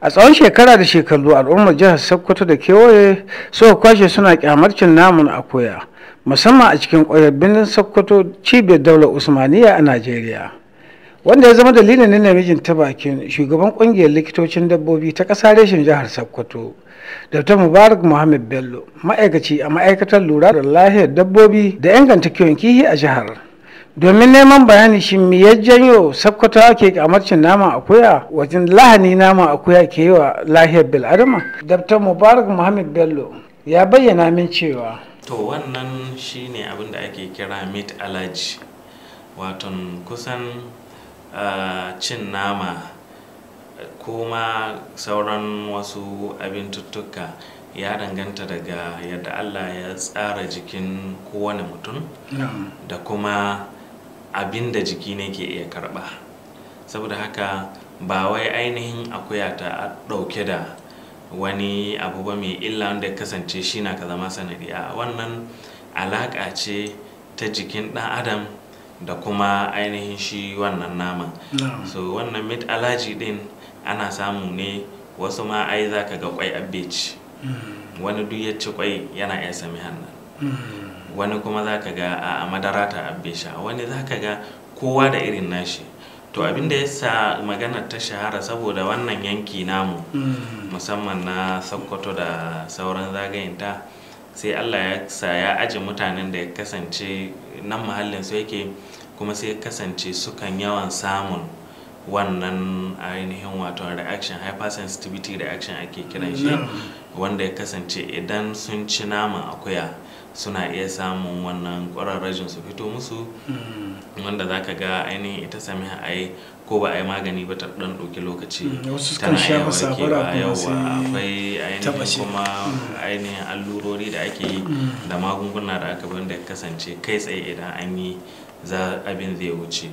a tsawon shekara da shekaru al'ummar jihar sokoto da kewaye suka kwashe suna kyamarcin namun akuya musamman a cikin ƙwayar birnin sokoto cibiyar daular usmaniya a najeriya wanda ya zama dalilin na namijin ta bakin shugaban ƙungiyar likitocin dabbobi ta ƙasa reshen jihar sokoto dr mubarak muhammad bello ma'aikaci a ma'aikatar lura da lahiyar dabbobi da inganta kiwon kihi a jihar domin neman bayani shi me ya janyo sakkwato ake kamarcin nama akuya wajen lahani nama akuya ke yi wa lahiyar bil'adama dr mubarak muhammad bello ya bayyana min cewa to wannan shine abin da ake kira meat allergy waton kusan cin nama kuma sauran wasu abin abintuttuka ya danganta daga yadda allah ya tsara jikin kowane mutum da kuma abin da jiki ne ke iya karɓa saboda haka ba wai ainihin akuya ta ɗauke da wani abu ba mai illa wanda kasance shi na ka zama sanadiya. wannan alaƙa ce ta jikin ɗan adam da kuma ainihin shi wannan naman so wannan mit alaji din ana samu ne wasu ma ai za ka ga kwai abinci hmm. wani duk ya ci kwai yana iya sami hannun wani kuma za ka ga a madara ta abin sha wani za ka ga kowa da irin nashi to abin da ya sa maganar ta shahara saboda wannan yanki namu mm. musamman na sokoto da sauran zagayenta sai allah ya sa ya aji mutanen da ya kasance nan mahallin su yake kuma sai ya kasance sukan yawan samun wannan ainihin wato reaction hypersensitivity reaction ake kiran shi mm. wanda ya kasance idan sun ci naman akuya suna iya samun wannan ƙwararrajin su fito musu hmm. wanda za ka ga ainihin ita sami ai ko ba a yi magani ba ta ɗan ɗauki lokaci hmm, tana iya warkewa yawa akwai ainihin kuma hmm. ainihin allurori da ake yi da magunguna da aka wanda kasance kai tsaye idan an yi za abin zai wuce